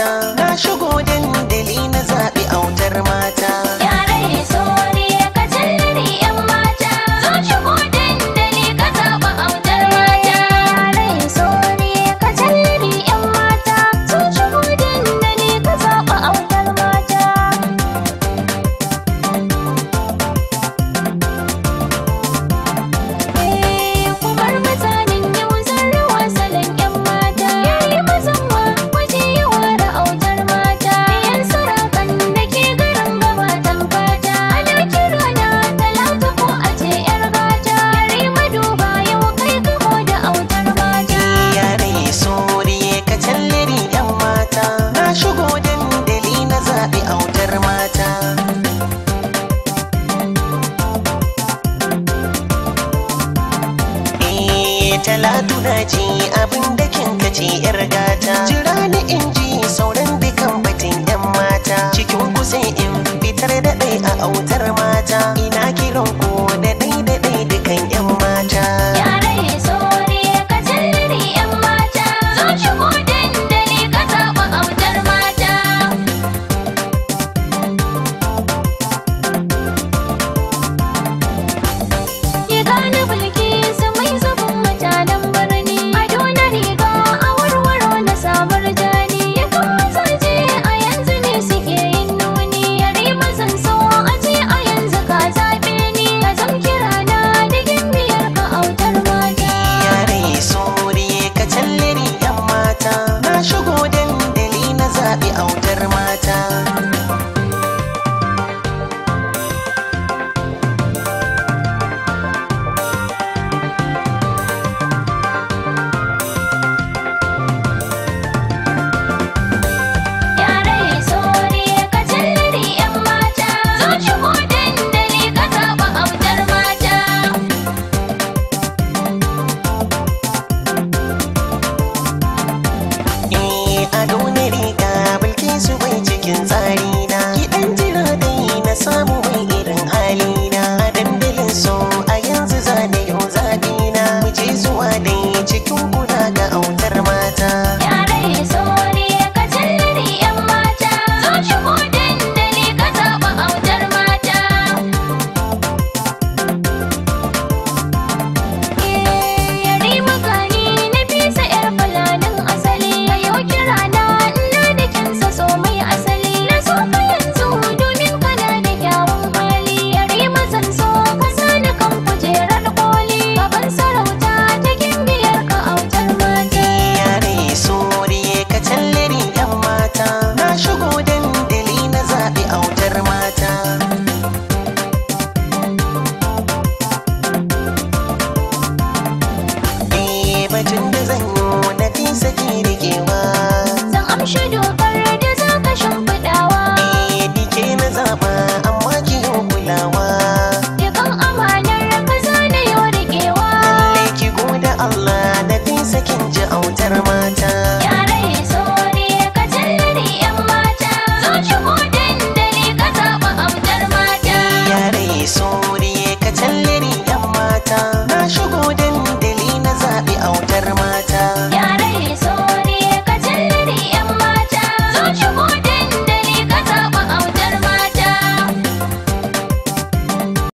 time talatu na ce abin da kin kace yar gata jira ni in ji sauran dukan batun yan mata cikin kusa in fitar da dai a autar mata